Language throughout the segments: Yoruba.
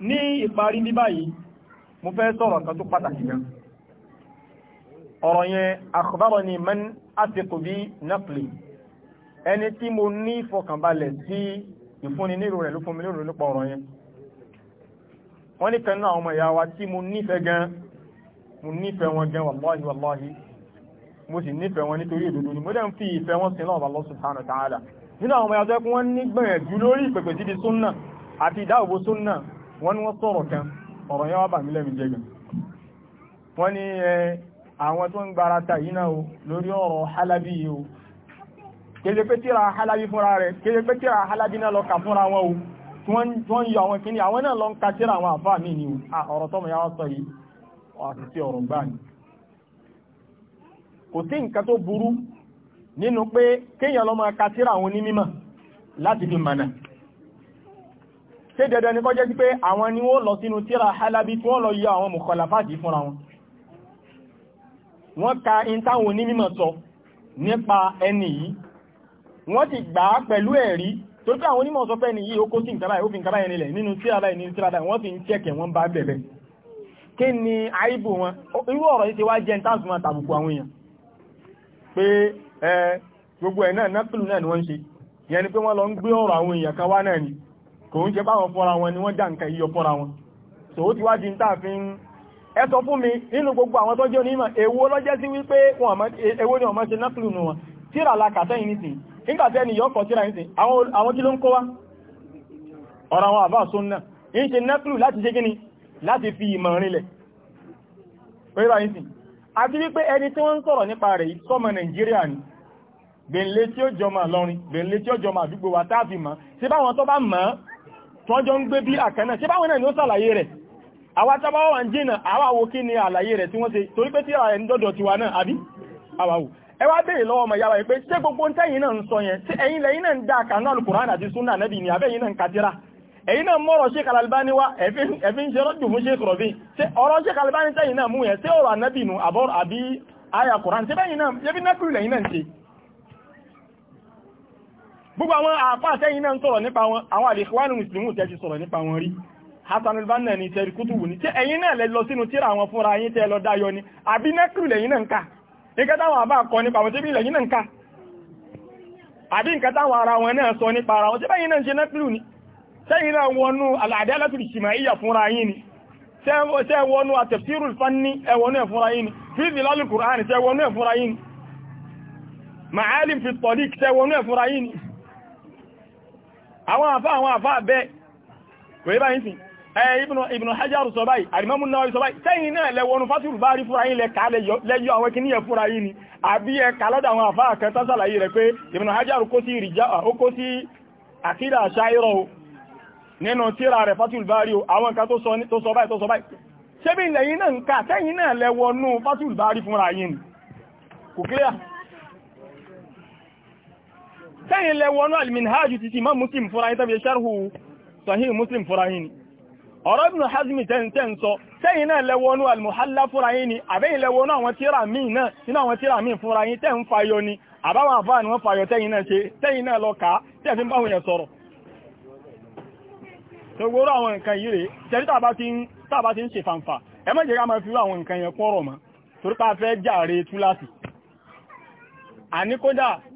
ní ìparí ní báyìí mo fẹ́ sọ̀rọ̀ kan tó pàtàkì gan ọ̀rọ̀ yẹn akhbarani man athiqu bi naqli ẹni tí mo ní ìfọkànbalẹ̀ sí ìfúnni nílò rẹ̀ ló fún mi lórí nípa ọ̀rọ̀ yẹn wọ́n ní kan náà ọmọ ìyá wa tí mo nífẹ̀ẹ́ gan mo nífẹ̀ẹ́ wọn gan wàláhì wàláhì mo sì nífẹ̀ẹ́ wọn nítorí òdodo ni mo dẹ̀ ń fi ìfẹ́ wọn sí lọ́wọ́ Allah subhanahu wa nínú àwọn ọmọ ìyá tó yẹ kí wọ́n ní gbìyànjú lórí ìpèpè síbi súnnà àti ìdáàbò súnnà wọ́n ní wọ́n sọ̀rọ̀ kan ọ̀rọ̀ yẹn wá bà mí lẹ́mí jẹ́gàn wọ́n ní àwọn tó ń gbára ta yìí o lórí ọ̀rọ̀ halabi yìí o kéde pé tíra halabi fúnra rẹ̀ kéde pé tíra halabi náà lọ kà fúnra wọn o tí wọ́n ń yọ àwọn kíní àwọn náà lọ ń ka tíra àwọn àfáà mí ni o ọ̀rọ̀ tọ́mọ yà wá sọ yìí àti ọ̀rọ̀ gbáà ni kò sí nǹkan tó burú nínú pé kéèyàn lọ ka tíra àwọn onímímọ̀ láti fi mànà ṣé dandan ni kó jẹ́ sí pé àwọn ni wọ́n lọ sínú tíra halabi tí wọ́n lọ yọ àwọn mukhalafati fúnra wọn wọ́n ka in táwọn onímọ̀ sọ nípa ẹni yìí wọ́n ti gbà á pẹ̀lú ẹ̀rí tó tí àwọn onímọ̀ sọ pé ẹni yìí ó kó sí nǹkan báyìí ó fi nǹkan báyìí ni àìbò wọn irú ọ̀rọ̀ yìí ti wá jẹ́ táàsùn máa tàbùkù àwọn èèyàn pé ẹ gbogbo ẹ̀ náà nápìlù náà ni wọ́n ń ṣe yẹn ni pé wọ́n lọ ń gbé ọ̀rọ̀ àwọn kò ṣe báwọn fọ́ra wọn ni wọ́n já nǹkan yíyọ fọ́ra wọn so ó ti wá di tá fi ń ẹ sọ fún mi nínú gbogbo àwọn tọ́jú onímọ̀ èwo lọ́jẹ́ sí wípé èwo ni ọmọ ṣe náfìlù nù wọn tíra la kàtẹ́yìn nìsín nígbà tẹ́ ni yọ kọ tíra nìsín àwọn kí ló ń kó wá ọ̀rọ̀ àwọn àbá sunna ń ṣe náfìlù láti ṣe kíni láti fi ìmọ̀ rinlẹ̀ pẹ́lá ìsìn àti wípé ẹni tí wọ́n ń sọ̀rọ̀ nípa rẹ̀ sọ́mọ nàìjíríà ni bèèlé tí ó jọmọ̀ lọ́rin bèèlé tí ó jọmọ̀ àdúgbò wa táàfì mọ́ sí báwọn tó bá mọ́ tọ́jọ́ ń gbé bí àkànnà ṣe báwọn náà ni ó sàlàyé rẹ̀ àwa tábáwọ́ wà ń jìnà àwa wo kí ni àlàyé rẹ̀ tí wọ́n ṣe torí pé tí ara ẹni dọ́dọ̀ tiwa náà àbí àwa wò ẹ wá béèrè lọ́wọ́ ọmọ ìyá wa pé ṣé gbogbo ń tẹ́yìn náà ń sọ yẹn ṣé ẹ̀yin albani wá ẹ̀fí ń ṣe rọ́jù fún Sheikh albani tẹ́yìn náà mú yẹn ṣé ọ̀rọ̀ ànẹ́bì nù àbí àyà kuran ṣé bẹ́yìn náà yẹbi náà gbogbo àwọn àfáà sẹ́yìn náà ń sọ̀rọ̀ nípa wọn àwọn àlèkùwánù mùsùlùmù tẹ́ ti sọ̀rọ̀ nípa wọn rí Hassan al-Banna ni tẹ́rí kútùbù ní tí ẹ̀yin náà lẹ lọ sínú tíra àwọn fúnra yín tẹ́ lọ dáyọ ni àbí nẹ́kìrì lẹ́yìn náà ń ká nǹkan táwọn àbá kọ nípa àwọn tẹ́bí lẹ́yìn náà ń ká àbí nǹkan táwọn ara wọn àwọn àfá àwọn àfá bẹ́ẹ̀ kò yí báyìí sí Ibn Hajar sọ báyìí Al-Imam Nawawi sọ báyìí sẹ́yìn náà lẹ́wọnú Fathul Bari fúra yìí lẹ kàálẹ̀ lẹ́yọ àwọn kí níyẹ fúra yìí ni àbí ẹ kàlọ́dà àwọn àfá kan tásàlàyé rẹ pé Ibn Hajar kó sí ìrìjá sẹ́yìn lẹ wọnú alminhaju títí ma muslim fúra yìí tàbí ṣarhu sahih muslim fúra yìí ni ọ̀rọ̀ ibn hazmi tẹ́ntẹ́n sọ sẹ́yìn náà lẹ wọnú almuhalla fúra yìí ni àbẹ́yìn lẹ wọnú àwọn tíra míì náà nínú àwọn tíra míì fúra yìí tẹ́ ń fayọ ni àbáwọn àfáà ni wọ́n fayọ tẹ́yìn náà ṣe tẹ́yìn náà lọ kàá tẹ́ fi ń báwọn yẹn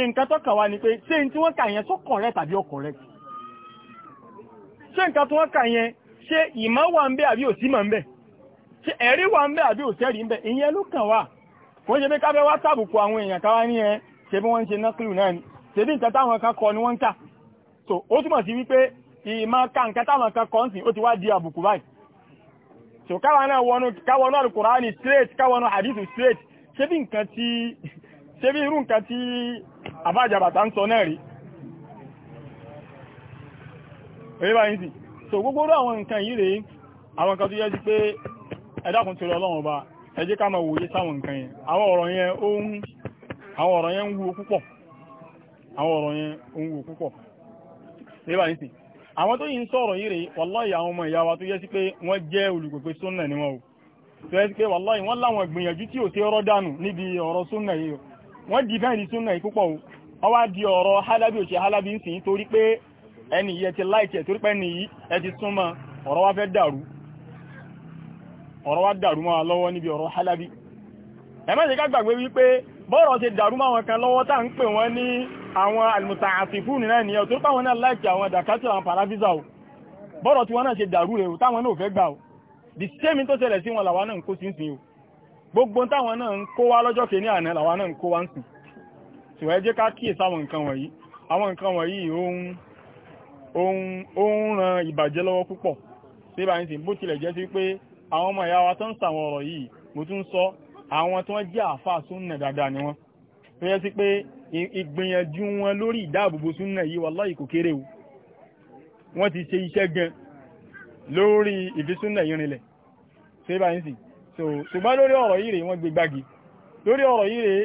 nǹkan tó kàn wá ni pé ṣé n tí wọ́n kà yẹn tó correct tàbí ó correct ṣé nǹkan tó wọ́n kà yẹn ṣé ìmọ̀ wà ń bẹ àbí òsì mọ̀ ń bẹ ṣé ẹ̀rí wà ń bẹ àbí òsẹ́rí ń bẹ ìyẹn ló kàn wá kò ń ṣe pé ká fẹ́ wá tàbùkù àwọn èèyàn ká wá ní ẹ ṣe bí wọ́n ń ṣe nọ́kìlù náà ni ṣe bí nǹkan táwọn kan kọ ni wọ́n ń kà so ó túmọ̀ sí wípé ìmọ̀ ká nǹkan táwọn kan kọ́ ń ó ti wá di àbùkù báyìí so káwọn náà wọnú káwọn náà Kùránì straight káwọn náà hadithu straight ṣe bí nǹkan tí ṣe bí irú nǹkan tí àbájàbàtà ń sọ náà rí yìí sí so gbogbo rú àwọn nǹkan yìí rèé àwọn nǹkan tó yẹ sí pé ẹ̀dàkùn tó ọlọ́run ọba ẹ ká máa wòye sáwọn nǹkan yẹn àwọn ọ̀rọ̀ yẹn ó àwọn ọ̀rọ̀ yẹn ń púpọ̀ àwọn ọ̀rọ̀ yẹn púpọ̀ yìí sí àwọn tó yìí ń sọ̀rọ̀ yìí wàláì àwọn ọmọ ìyá wa tó o tó yẹ sí pé wàláì wọ́n láwọn ìgbìyànjú tí ò wọ́n wá di ọ̀rọ̀ halabi ò halabi ń sìn torí pé ẹni yìí ẹ ti láìkì ẹ̀ torí pé ẹni yìí ẹ ti súnmọ́ ọ̀rọ̀ wá fẹ́ dàrú ọ̀rọ̀ wá dàrú máa lọ́wọ́ níbi ọ̀rọ̀ halabi ẹ má ṣe ká gbàgbé wípé bọ́ọ̀rọ̀ ṣe dàrú máa kan lọ́wọ́ tá ń pè wọ́n ní àwọn almutaasifu nínú ẹniyàn tó táwọn náà láìkì àwọn dàkátì àwọn parafisa o bọ́ọ̀rọ̀ tí wọ́n náà ṣe dàrú rẹ̀ táwọn náà fẹ́ gbà o the same ẹ̀sìn wa ẹ jẹ́ ká kíyè sáwọn nǹkan wọ̀nyí àwọn nǹkan wọ̀nyí ó ń ran ìbàjẹ́ lọ́wọ́ púpọ̀ tí bá ń sìn bó tilẹ̀ jẹ́ sí pé àwọn ọmọ ìyá wa tó ń sàwọn ọ̀rọ̀ yìí mo tún sọ àwọn tó ń jẹ́ àfà súnnà dáadáa ni wọ́n tó yẹ sí pé ìgbìyànjú wọn lórí ìdáàbòbò súnnà yìí wallahi kò kéré o wọ́n ti ṣe iṣẹ́ gan lórí ìfisúnnà yìí rinlẹ̀ tí bá ń sìn ṣùgbọ́n lórí ọ̀rọ̀ yìí rèé wọ́n gbé gbági lórí ọ̀rọ̀ yìí rèé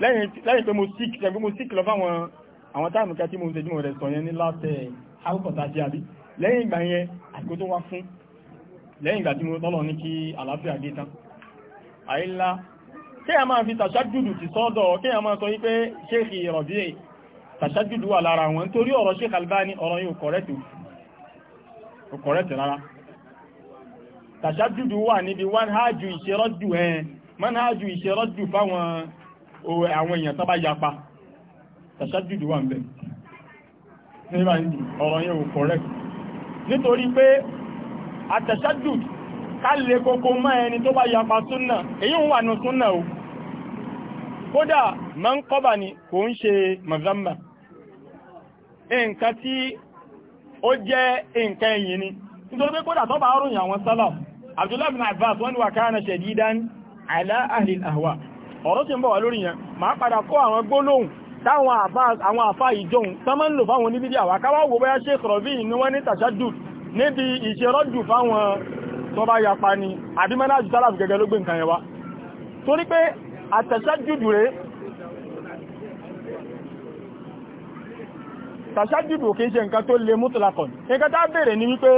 lẹ́yìn pé mo sick ṣe pé mo sick lọ fáwọn àwọn táàmù kí a ti mo ṣe jùmọ̀ rẹ̀ sọ yẹn ní látẹ̀ àwòkọ̀tà sí àbí lẹ́yìn ìgbà yẹn àìkó tó wá fún lẹ́yìn ìgbà tí mo tọ́lọ̀ ní kí àlàáfíà dé tán àìlá kí a máa fi tàṣájúdù ti sọ́dọ̀ kí a máa sọ wípé ṣéèkì ìrọ̀bí ẹ̀ tàṣájúdù wà lára wọn torí ọ̀rọ̀ ṣéèkì Albani ọ̀rọ̀ yìí kọ̀rẹ́tì rárá tàṣájúdù wà níbi wọ́n hájú ìṣẹ́rọ́jù ẹ̀ eh, mọ́n hájú ìṣẹ́rọ́jù fáwọn àwọn èèyàn tó bá yapa tàṣájúdù wà ń bẹ̀ nígbà ní ọ̀rọ̀ yẹn ò correct nítorí pé àtàṣájúdù ká lè kókó mọ́ ẹni tó bá yapa súnà èyí ń wà ní súnà o kódà ma ń kọ́bà ní kò ń ṣe mazamba nǹkan tí ó jẹ́ nǹkan ẹ̀yìn ni nítorí pé kódà tó bá rùn àwọn sálà Abdullahi bin Abbas wọ́n ni wà kana shadidan ala ahli al-ahwa ọ̀rọ̀ tí ń bọ̀ wá lórí yẹn máa padà kọ́ àwọn gbólóhùn táwọn àfá ìjọun tán máa ń lò fáwọn oníbídí àwà káwà wò bóyá Sheikh Rabi ní wọ́n ní tàṣádù níbi ìṣẹ́rọ́jù fáwọn tó bá yapa ni àbí mẹ́lájú tálàfì gẹ́gẹ́ ló gbé nǹkan yẹn wá torí pé àtàṣádù rẹ̀ tàṣájúdù kìí ṣe nǹkan tó lè mútùlákọ̀ nǹkan tá bèèrè ní wípé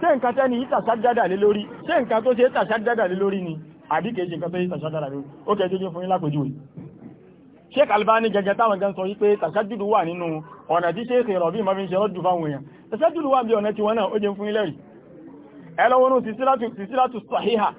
ṣé nǹkan tẹ́ni tàṣájádà lé lórí ṣé nǹkan tó ṣe tàṣájádà lé lórí ni àbí kejì nǹkan tó yí tàṣágára rẹ̀ ó kẹjọ́ jẹ́ fún yín lápèjúwe Sheikh Albani gẹ́gẹ́ táwọn gan sọ wípé tàṣájúdù wà nínú ọ̀nà tí Sheikh Rabi ma fi ń ṣe rọ́jù fáwọn èèyàn tàṣájúdù wà bí ọ̀nà tí wọ́n náà ó jẹ́